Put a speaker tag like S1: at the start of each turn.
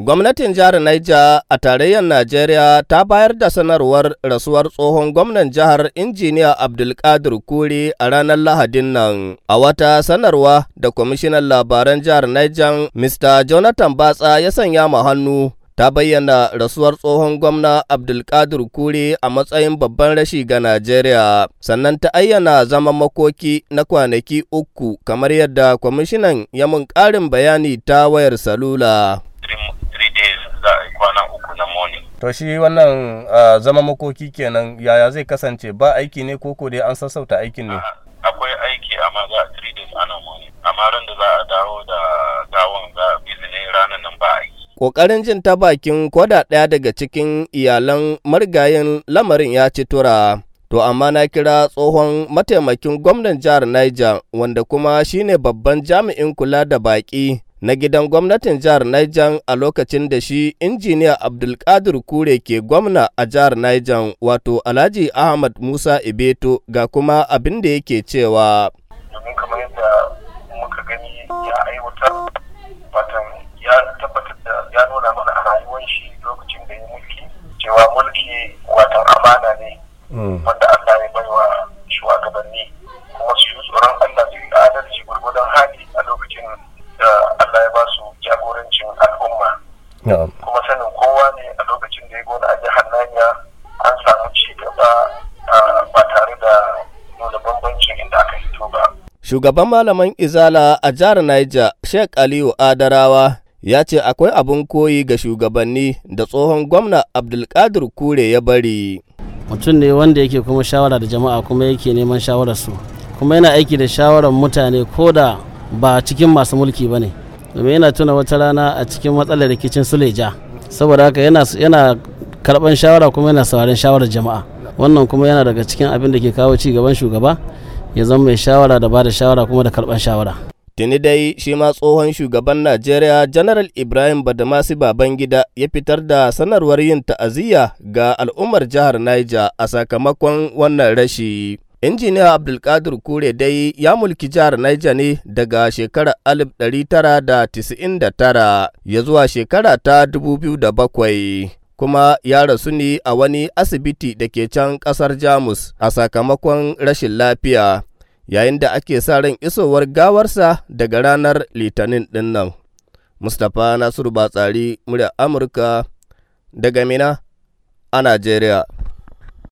S1: Gwamnatin jihar Naija, a tarayyar Najeriya ta bayar da sanarwar rasuwar tsohon gwamnan jihar Injiniya Abdulkadir Kuri a ranar Lahadin nan. A wata sanarwa da kwamishinan labaran jihar Naijan Mr. Jonathan Batsa ya sanya ma hannu ta bayyana rasuwar tsohon gwamna Abdulkadir Kuri a matsayin babban rashi ga Najeriya, sannan ta ayyana zama makoki na kwanaki uku kamar yadda kwamishinan ya mun ƙarin bayani ta wayar salula. to shi wannan zama makoki kenan yaya zai kasance ba aiki ne koko dai an sassauta aikin ne
S2: akwai aiki amma za a days ana wani amma ran da za a dawo da gawon za a ranar
S1: nan ba aiki Ƙoƙarin jin ta bakin koda ɗaya daga cikin iyalan marigayen lamarin ya ci tura. To amma na kira tsohon mataimakin gwamnan jihar Niger wanda kuma shine babban jami'in kula da baƙi na gidan gwamnatin jihar Niger a lokacin da shi injiniya Abdulkadir Kure ke gwamna a jihar Niger wato Alhaji Ahmad Musa Ibeto ga kuma abin da yake cewa.
S2: Domin kamar yadda muka gani ya aiwatar watan ya tabbatar da ya nuna mana a rayuwar shi lokacin da ya mulki cewa mulki watan amana ne mm. wanda Allah ya kuma sanin kowa ne a lokacin da ya gona a jihar Niger an samu ci gaba ba tare da nuna bambancin inda aka hito ba.
S1: Shugaban malaman Izala a jihar Niger, Sheikh Aliyu Adarawa, ya ce akwai abin koyi ga shugabanni da tsohon gwamna Abdulkadir Kure ya bari.
S2: Mutum ne wanda yake kuma shawara da jama'a kuma yake neman shawararsu, kuma yana aiki da shawarar mutane ko da ba cikin masu mulki ba ne. domin yana tuna wata rana a cikin matsalar rikicin suleja saboda haka yana karbar karban shawara kuma yana sauraron shawarar jama'a wannan kuma yana daga cikin abin da ke kawo ci gaban shugaba ya zama mai shawara da ba da shawara kuma da karban shawara
S1: tuni dai shi ma tsohon shugaban najeriya janaral ibrahim badamasi babangida ya fitar da sanarwar yin ta'aziyya ga al'ummar jihar niger a sakamakon wannan rashi Injiniya Abdulkadir Kure dai ya mulki jihar Niger ne daga shekarar tara, ya zuwa shekara ta da bakwai, kuma ya rasu ne a wani asibiti da ke can ƙasar Jamus a sakamakon rashin lafiya yayin da ake sa ran isowar gawarsa daga ranar litinin ɗin nan. Mustapha Nasiru Batsari, murya Amurka daga Mina a Najeriya.